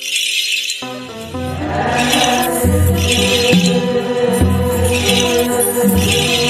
Thank you.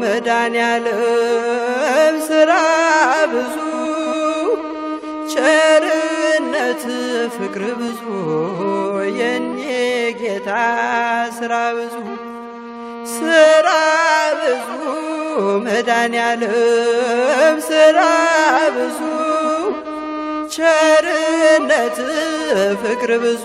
መድኃኔዓለም ስራ ብዙ ቸርነት ፍቅር ብዙ የኔ ጌታ ስራ ብዙ ስራ ብዙ መድኃኔዓለም ስራ ብዙ ቸርነት ፍቅር ብዙ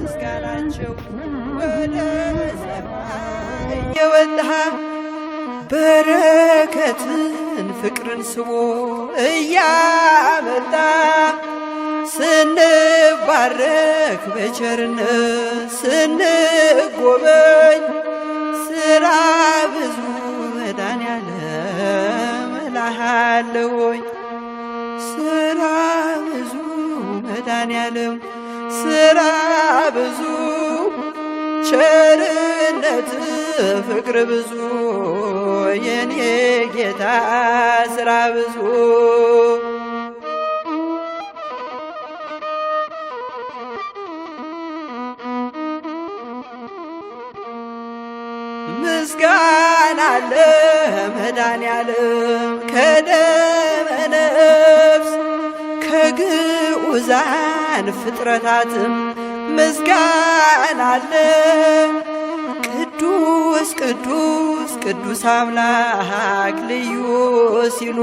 ምስጋናቸው የወጣ በረከትን ፍቅርን ስቦ እያመጣ ስንባረክ በቸርነት ስንጎበኝ ስራ ብዙ መድኃኒዓለም እልሃለሁ ስራ ብዙ መድኃኒዓለም ስራ ብዙ ቸርነት ፍቅር ብዙ የኔ ጌታ ስራ ብዙ ምስጋና አለ መድኃኔዓለም ከደመ ነፍስ ከግዑዛን ለቅዱሳን ፍጥረታትም ምስጋና አለ። ቅዱስ ቅዱስ ቅዱስ አምላክ ልዩ ሲሉ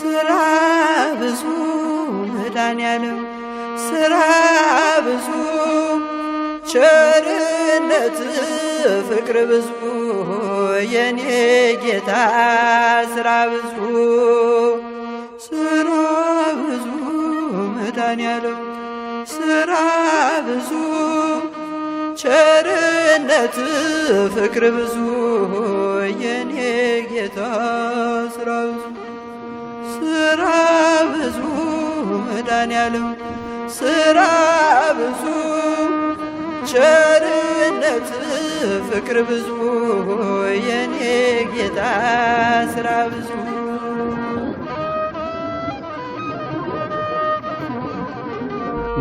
ስራ ብዙ መድኃኔዓለም ስራ ብዙ ቸርነት ፍቅር ብዙ የኔ ጌታ ስራ ብዙ መድኃኔዓለም ስራ ብዙ ቸርነት ፍቅር ብዙ የኔ ጌታ ስራ ብዙ ስራ ብዙ መድኃኔዓለም ስራ ብዙ ቸርነት ፍቅር ብዙ የኔ ጌታ ስራ ብዙ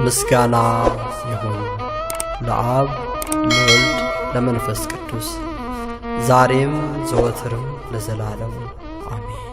ምስጋና ይሁን ለአብ ለወልድ ለመንፈስ ቅዱስ ዛሬም ዘወትርም ለዘላለም አሜን።